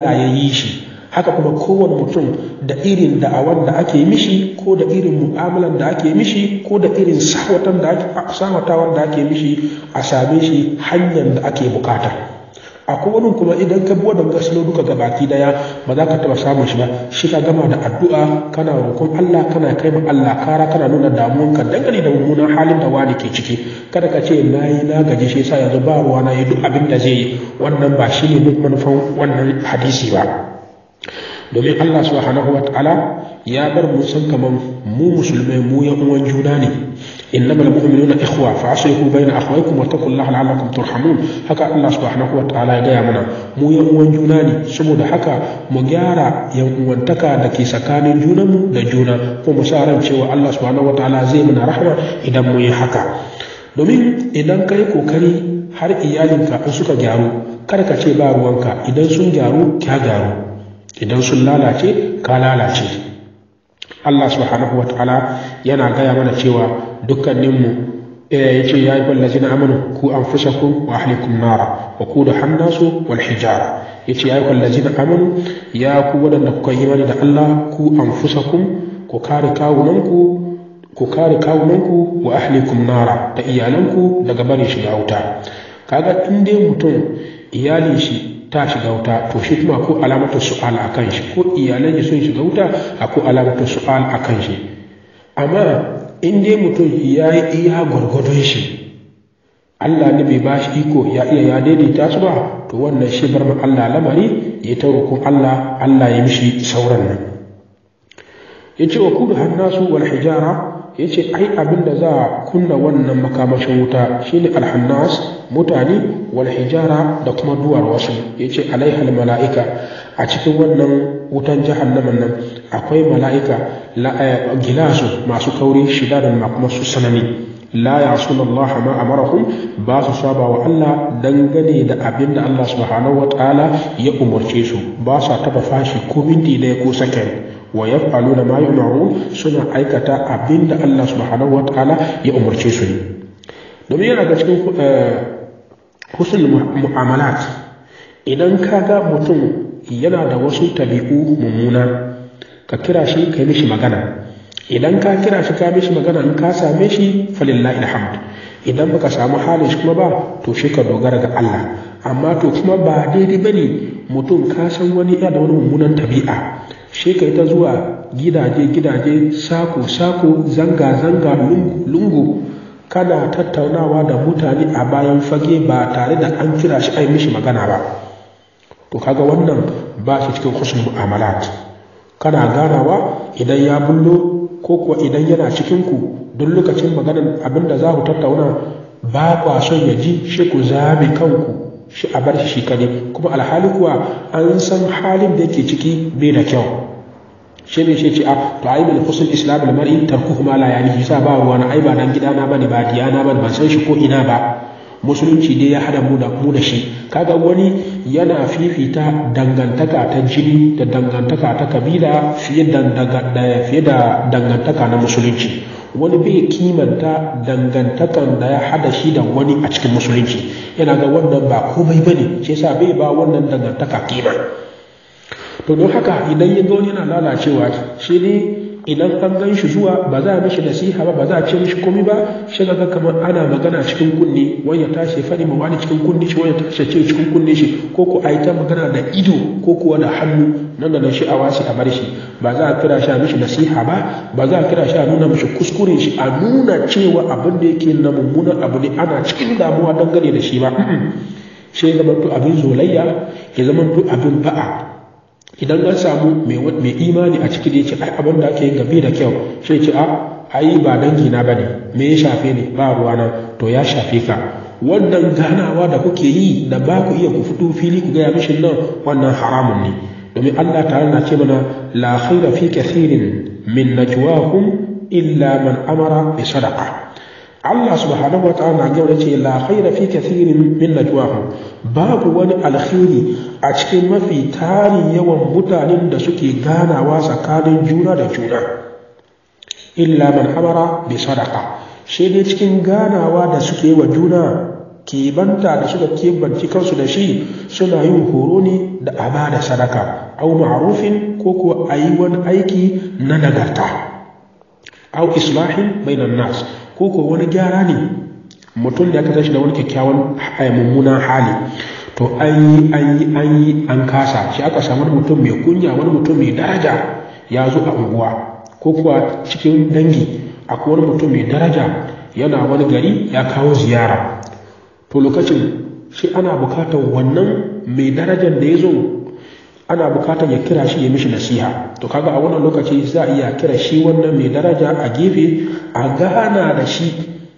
Allah ya yi shi haka kuma kowane mutum da irin da'awar da ake mishi ko da irin mu'amalar da ake mishi ko da irin da ake da ake mishi a same shi hanyar da ake bukata a kowane kuma idan ka buwa don gaslo duka ga baki daya ba za ka taba samun shi ba shi ka gama da addu'a kana rukun Allah kana kai ma Allah kara kana nuna ka dangane da mummunan halin da wani ke ciki kada ka ce na yi na gaji shi yasa yanzu ba ruwa na yi duk abin da zai yi wannan ba shi ne duk manufan wannan hadisi ba domin Allah subhanahu wa ta'ala ya bar mu san kaman mu musulmai mu yan uwan juna ne innama almu'minuna ikhwa fa aslihu baina akhawaykum wattaqullaha la'allakum turhamun haka Allah subhanahu wa ta'ala ya gaya mana mu yan uwan juna ne saboda haka mu gyara yan uwantaka da ke tsakanin junanmu da juna ko mu sa ran cewa Allah subhanahu wa ta'ala zai mana rahma idan mu yi haka domin idan ka yi kokari har iyalinka in suka gyaru kar ka ce ba ruwanka idan sun gyaru ka gyaru idan sun lalace ka lalace Allah subhanahu wa ta'ala yana gaya mana cewa dukkaninmu eh, ya ce ya yi wallazi na amanu ku an ku wa ahlikum nara wa ku da hannasu wal hijara ya ce ya yi wallazi na amanu ya ku waɗanda kuka yi mani da Allah ku an fushe ku kare kawunanku ku kare kawunanku wa ahlikum nara da iyalanku daga bari shiga wuta kaga in dai mutum iyalin shi ta shiga wuta to shi kuma ko su'ala a kan shi ko iyalan shi sun shiga wuta ko su'ala su'al kan shi amma in dai mutum ya yi iya gwargwadon shi Allah ne bai ba shi iko ya iya ya daidaita su ba to wannan shi bar Allah lamari ya ta rukun Allah Allah ya mishi sauran nan Ya ce wa kudu hannasu wal hijara Ya ce ai abin da za a kunna wannan makamashin wuta shine alhannas mutane wal hijara da kuma duwar wasu yace ce al mala'ika a cikin wannan wutan jahannaman nan akwai mala'ika eh, gilasu masu kauri shida da kuma su sanani la ya ya'suna Allah ma amarahum ba su saba wa Allah dangane da abin da Allah subhanahu wa ta'ala ya umarce su ba su taba fashi ko minti ɗaya ko sakan wa da ma yu'marun suna aikata abin da Allah subhanahu wa ta'ala ya umarce su ne domin yana ga cikin eh, husnul mu'amalat idan ka ga mutum yana da wasu tabi'u mummuna ka kira shi ka yi mishi magana idan ka kira shi ka mishi magana in ka same shi falillahi alhamd idan baka samu halin shi kuma ba to shi ka dogara ga Allah amma to kuma ba daidai bane mutum ka san wani ya da wani mummunan tabi'a shi ka ta zuwa gidaje gidaje sako sako zanga zanga lungu kana tattaunawa da mutane a bayan fage ba tare da an kira shi ai mishi magana ba to kaga wannan ba shi cikin husnul mu'amalat kana ganawa idan ya bullo ko kuwa idan yana cikin ku duk lokacin maganar abinda za ku tattauna ba kwa son ya ji shi ku zabe kanku shi a bar shi kane kuma alhali kuwa an san halin da yake ciki bai da kyau shi ne shi ce a ah, to ai bil husn islam al mar'i tarkuhu ma la ya'ni sa ba ruwa na ai ba dan gidana bane ba diyana bane ban san shi ko ina ba musulunci dai ya hada mu da shi kaga wani yana fifita dangantaka ta jini da dangantaka ta kabila fiye da dangantaka na musulunci wani bai kimanta dangantakan da ya hada shi da wani a cikin musulunci yana ga wannan ba komai bane shi sa bai ba wannan dangantaka kima to don haka idan ya ga wani yana lalacewa shi ne idan an gan shi zuwa ba za a mishi nasiha ba ba za a ce mishi komai ba shi ga kamar ana magana cikin kunne wani ya tashi faɗi ma wani cikin kunne shi wani ya tashi ce cikin kunne shi ko ko a yi ta magana da ido ko kuwa da hannu nan da shi a wasi a bar shi ba za a kira shi a mishi nasiha ba ba za a kira shi a nuna mishi kuskure shi a nuna cewa abin da yake na mummunan abu ne ana cikin damuwa dangane da shi ba shi ya zama abin zolayya ya zama abin ba'a idan an samu mai imani a ciki da yake ai abin da ake yin gabi da kyau shi ce a ayi ba dangi na bane me ya shafe ne ba nan to ya shafe ka wannan ganawa da kuke yi da ba ku iya ku fito fili ku gaya mishin nan wannan haramun ne domin Allah tare na ce mana la khaira fi kathirin min najwahum illa man amara bi sadaka. Allah subhanahu wa ta'ala na yau yace la khaira fi kathirin min najwahum babu wani alkhairi a cikin mafi tarin yawan mutanen da suke ganawa tsakanin juna da juna illa man amara bi sadaqa shi ne cikin ganawa da suke wa juna kebanta da suka kebanci kansu da shi suna yin horo ne da ama da sadaka au ma'rufin ko kuwa ayi wani aiki na nagarta au islahin bainan nas ko ko wani gyara ne mutum da aka tashi da wani kyakkyawan eh, mummunan hali to an yi an yi an yi an kasa shi aka samu mutum mai kunya wani mutum mai daraja ya zo a unguwa ko kuwa cikin dangi a wani mutum mai daraja yana wani gari ya kawo ziyara to lokacin shi ana bukatar wannan mai darajar da ya zo ana bukatar ya kira shi ya mishi nasiha to kaga a wannan lokaci za a iya kira shi wannan mai daraja a gefe a gana da shi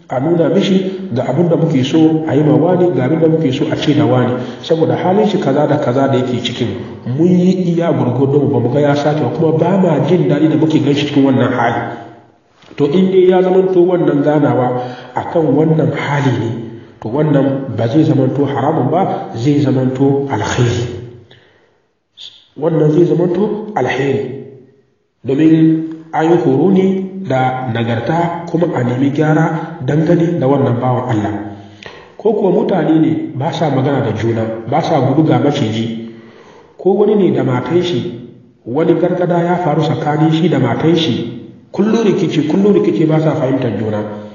a nuna mishi ga abin da muke so a yi ma ga abin da muke so a ce da wani saboda halin shi kaza da kaza da yake cikin mun yi iya gurgurdo ba mu ga ya sace kuma ba ma jin daɗi da muke gan shi cikin wannan hali to in dai ya zamanto wannan ganawa akan wannan hali ne to wannan ba zai zamanto haramun ba zai zamanto alkhairi wannan zai zamanto alheri domin an yi horo ne da nagarta kuma a nemi gyara dangane da wannan bawan Allah ko kuwa mutane ne ba sa magana da juna ba sa gudu ga maciji ko wani ne da matan shi wani gargada ya faru tsakanin shi da matan shi kullum rikici kullum rikici ba sa fahimtar juna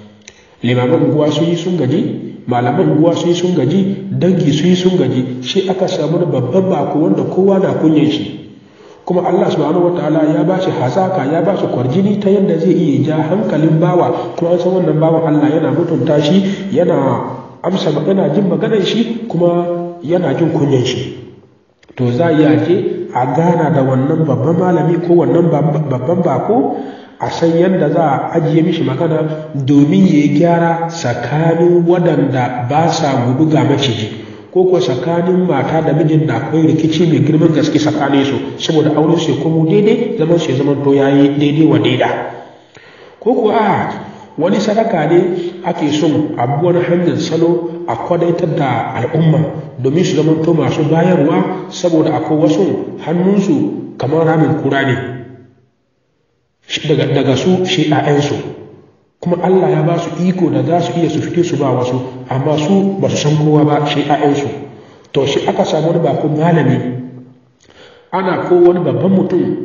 Limamin guwa sun yi sun gaji malaman ruwa sai sun gaji dangi sai sun gaji Shi aka samu da babban bako wanda kowa na kunyan shi kuma Allah subhanahu wataala ya ba shi hazaka ya ba shi kwarjini ta yadda zai iya ja hankalin bawa kuma an san wannan bawan Allah yana mutunta shi yana amsa yana jin maganar shi kuma yana jin kunyan shi to za a je a gana da wannan babban malami ko wannan babban bako a san yadda za a ajiye mishi magana domin ya yi gyara tsakanin waɗanda ba sa gudu ga maciji ko kuwa tsakanin mata da mijin da akwai rikici mai girman gaske tsakanin su saboda auren su komo daidai zaman su zaman to yi daidai wa daida ko kuwa a wani sadaka ne ake son abuwar hanyar salo a kwadaitar da al'umma domin su zaman to masu bayarwa saboda akwai wasu hannunsu kamar ramin kura ne daga su shi kuma Allah ya ba su iko da za su iya su fito su ba wasu amma su ba su san kowa ba shi ‘ya'yansu to shi aka samu wani bakon malami ana ko wani babban mutum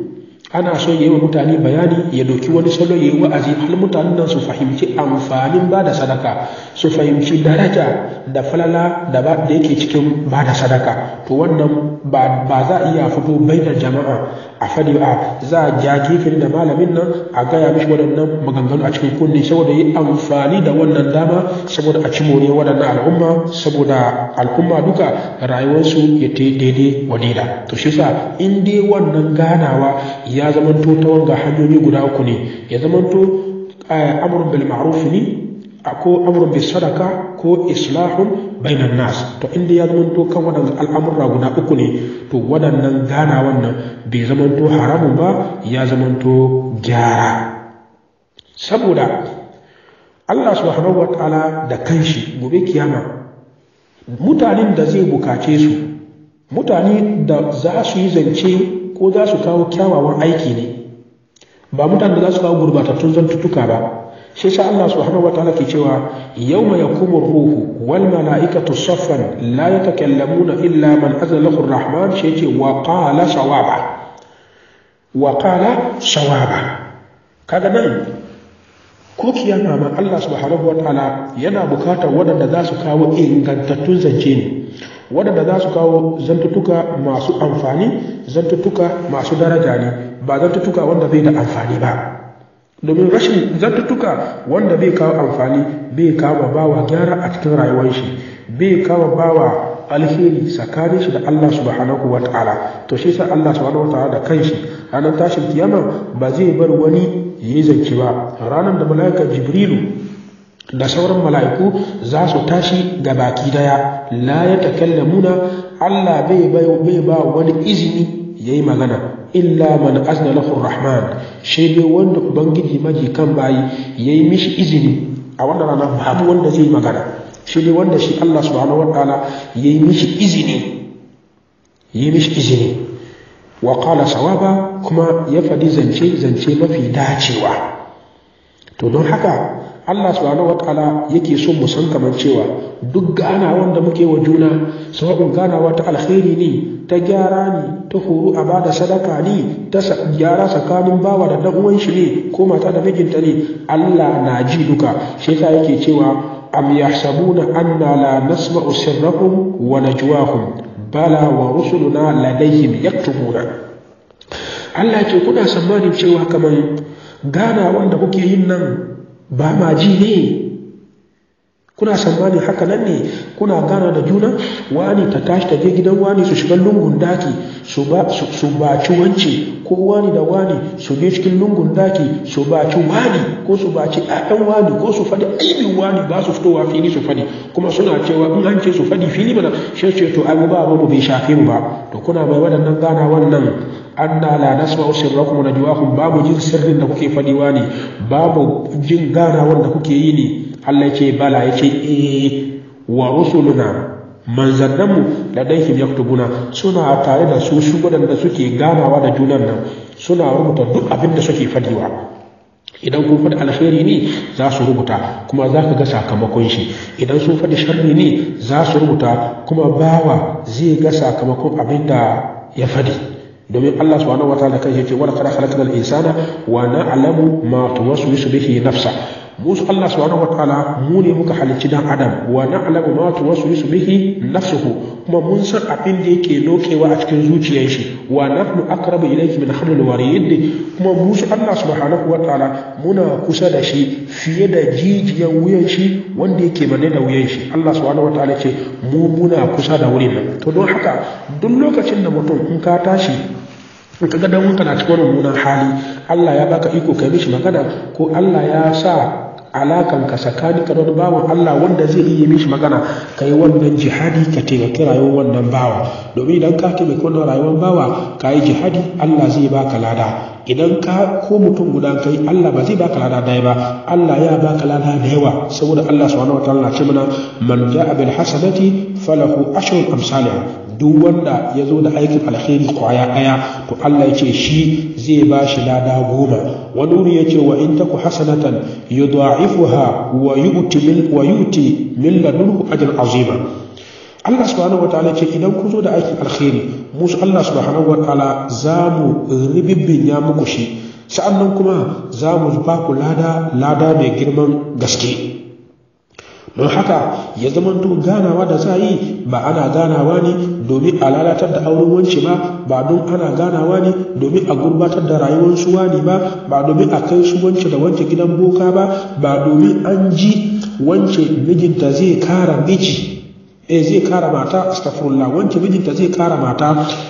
ana so yi wa mutane bayani ya doki wani salo ya yi wa'azi har mutanen nan su fahimci amfanin ba da sadaka su fahimci daraja da falala da ba da yake cikin ba da sadaka to wannan ba za a iya fito bainar jama'a a fadi a za a ja gefen da malamin nan a gaya mishi wadannan maganganu a cikin kunne saboda yi amfani da wannan dama saboda a ci more waɗannan al'umma saboda al'umma duka rayuwarsu ya ta daidai wadida to shi sa in dai wannan ganawa ya zamanto ta wanga hanyoyi guda uku ne ya zamanto eh, amurin bil ne ko amru bi sadaka ko islahun bainan nas to inda ya zama to kan wadannan al'amurra guda uku ne to wadannan gana wannan bai zama to haramun ba ya zama to gyara saboda Allah subhanahu wa ta'ala da kanshi gobe kiyama mutanen da zai bukace su mutane da za su yi zance ko za su kawo kyawawan aiki ne ba mutanen da za su kawo gurbatattun zantuttuka ba shi sa Allah subhanahu wataala ke cewa yawma yaqumu ruhu wal malaikatu saffan la yatakallamuna illa man azala rahman shi yace wa qala sawaba wa qala sawaba kaga nan ko kiyama ma Allah subhanahu wataala yana bukatar waɗanda za su kawo ingantattun zance ne waɗanda za su kawo zantuttuka masu amfani zantuttuka masu daraja ne ba zantuttuka wanda zai da amfani ba domin rashin zartattuka wanda bai kawo amfani bai kawo bawa gyara a cikin rayuwar shi bai kawo bawa alheri tsakanin shi da Allah subhanahu wa ta'ala to shi sa Allah subhanahu wa ta'ala da kanshi ranar tashin kiyama ba zai bar wani ya yi zance ba ranar da mala'ika jibrilu da sauran mala'iku za su tashi ga baki daya la ya takallamuna Allah bai bai ba wani izini yayi magana illa man azna lahu rahman shi dai wanda ubangiji maji kan bayi yayi mishi izini a wannan rana babu wanda zai magana shi dai wanda shi Allah subhanahu wa ta'ala yayi mishi izini yayi mishi izini wa qala sawaba kuma ya fadi zance zance mafi dacewa to don haka Allah subhanahu wataala yake son mu san kamar cewa duk gana da muke wa juna sawa'un ganawa ta alkhairi ne ta gyara ne ta horo a da sadaka ne ta gyara tsakanin bawa da dan uwan shi ne ko mata da mijinta ne Allah na ji duka shi yasa yake cewa am yahsabuna anna la nasma'u sirrahum wa najwahum bala wa rusuluna ladayhim yaktubuna Allah ce kuna tsammanin cewa kamar gana wanda kuke yin nan ba ma ji ne kuna tsammani haka nan ne kuna gana da juna wani ta tashi ta je gidan wani su shiga lungun daki su baci wance ko wani da wani su je cikin lungun daki su baci wani ko su baci ɗan wani ko su faɗi aibin wani ba su fitowa fili su faɗi kuma suna cewa in an ce su faɗi fili mana shi ce to ai ba mu bai shafe mu ba to kuna mai waɗannan gana wannan anna la nasma'u sirrakum wa najwaakum babu jin sirrin da kuke fadiwa ne babu jin ganawar da kuke yi ne Allah ya ce bala ya ce eh wa rusuluna manzannanmu da kim yaktubuna suna tare da su su da suke ganawa da junan nan suna rubuta duk abin da suke fadiwa idan kun faɗi alheri ne za su rubuta kuma za ka ga sakamakon shi idan sun faɗi sharri ne za su rubuta kuma bawa zai ga sakamakon abin da ya faɗi domin Allah subhanahu taala kan yace wa laqad khalaqnal insana wa na'lamu ma tuwaswisu bihi nafsa musu Allah subhanahu wataala mu ne muka halicci dan adam wa na'lamu ma tuwaswisu bihi nafsuhu kuma mun san abin da yake lokewa a cikin zuciyar shi wa nahnu aqrabu ilayki min hablil warid kuma musu Allah subhanahu taala muna kusa da shi fiye da jijiyar wuyan shi wanda yake bane da wuyan shi Allah subhanahu taala ce mu muna kusa da wurin nan to don haka duk lokacin da mutum in ka tashi in ka ga dan kana cikin mummunan hali Allah ya baka iko kai mishi magana ko Allah ya sa alakan ka sakani ka wani bawan Allah wanda zai iya mishi magana ka yi wannan jihadi ka taimaki rayuwar wannan bawa domin idan ka taimaki wannan rayuwar bawa ka yi jihadi Allah zai baka lada idan ka ko mutum guda yi, Allah ba zai baka lada daya ba Allah ya baka lada da yawa saboda Allah subhanahu wa na ce mana man ja'a bil hasanati falahu ashrul amsalha duk wanda ya zo da aikin alheri kwaya ɗaya to Allah ya ce shi zai ba shi lada goma wani wuri ya ce wa in taku hasanatan ya wa ha min wa yu'ti min ladunhu ajin azima Allah subhanahu wataala ce idan ku zo da aikin alheri musu Allah subhanahu wataala za mu ya muku shi sa'an nan kuma za mu ba ku lada lada mai girman gaske don haka ya zamanto ganawa da za yi ba ana ganawa ne domin a lalatar da auren wance ba ba don ana ganawa ne domin a gurbatar da rayuwar su wani ba ba domin a kai su wance da wance gidan boka ba ba domin an ji wance mijinta zai kara miji eh zai kara mata astaghfirullah wanke mijinta zai kara mata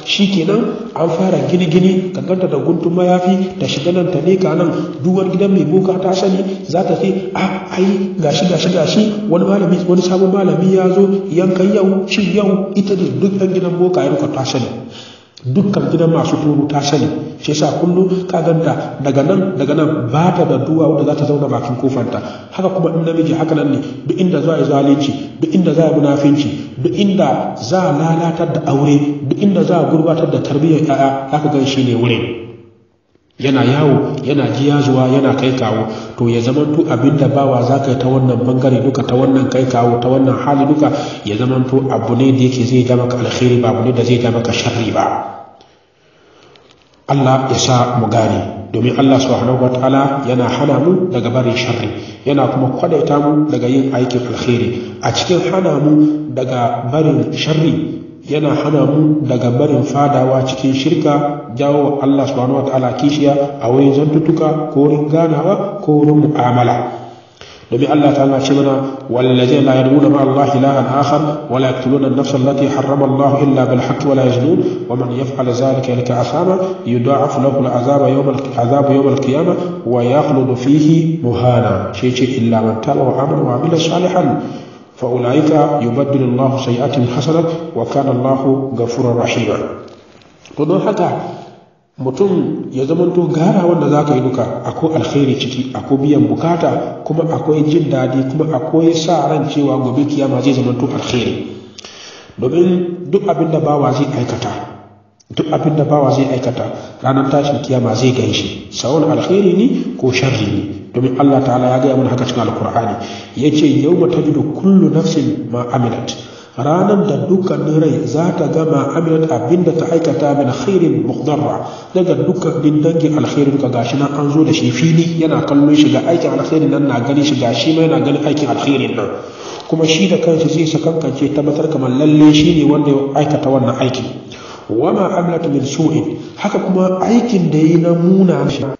kenan an fara gini-gini ka ganta da guntun mayafi da shiga nan ta ne ka nan duwar gidan mai boka ta sani za ta ce a ah, ai gashi gashi gashi wani wani sabon malami ya zo yankan yau shi yau ita ne duk yan gidan boka ya ta sani dukkan gidan masu turu ta sani shi yasa kullum ka ganta daga nan daga nan ba ta da duwa wanda za ta zauna bakin kofanta haka kuma in namiji haka nan ne duk inda za a zalunci duk inda za a munafinci duk inda za a lalatar da aure duk inda za a gurbatar da tarbiyyar 'ya'ya haka gan shi ne wurin yana yawo yana jiya zuwa yana kai kawo to ya zama to abin da bawa za ka yi ta wannan bangare duka ta wannan kai kawo ta wannan hali duka ya zama to abu ne da yake zai dama ka alkhairi ba abu ne da zai dama ka sharri ba Allah ya sa mu gane domin Allah subhanahu wataala yana hana mu daga barin sharri yana kuma kwadaita mu daga yin aikin alkhairi a cikin hana mu daga barin sharri yana hana mu daga barin fadawa cikin shirka jawo Allah subhanahu wa ta'ala kishiya a wurin zantutuka ko wurin ganawa ko wurin mu'amala domin Allah ta ce mana wallaje la yad'una ma Allah ilahan akhar wa la yaqtuluna an-nafs allati harrama Allah illa bil haqq wa la yaznun wa man yaf'al dhalika yalqa asama yud'af lahu al-azaba yawm al-azab yawm al-qiyamah wa yakhlud fihi muhana shi ce illa man taba wa amila wa amila salihan fa'ula'ika yubaddilu Allahu sai hasanat wa kana Allahu ghafurur rahima to don haka mutum ya zamanto gara wanda ka yi duka akwai alkhairi ciki akwai biyan bukata kuma akwai jin daɗi, kuma akwai sa ran cewa gobe kiyama zai zamanto alkhairi domin duk abin da bawa zai aikata duk abin da bawa zai aikata ranar tashin kiyama zai gaishe sawun alkhairi ne ko sharri ne domin Allah ta'ala ya gaya mana haka cikin alkur'ani yau mata tajidu kullu nafsin ma aminat. ranar da dukkanin rai za ta gama abin da ta aikata min khairin muqdarra daga dukkanin dangin alkhairin ka gashi na an zo da shi fili yana kallon shiga aikin alkhairin nan na gani shi ma yana ganin aikin alkhairin nan kuma shi da kanshi zai kankance tabbatar kamar lalle shi ne wanda ya aikata wannan aikin wama amlatu min su'in haka kuma aikin da yi na muna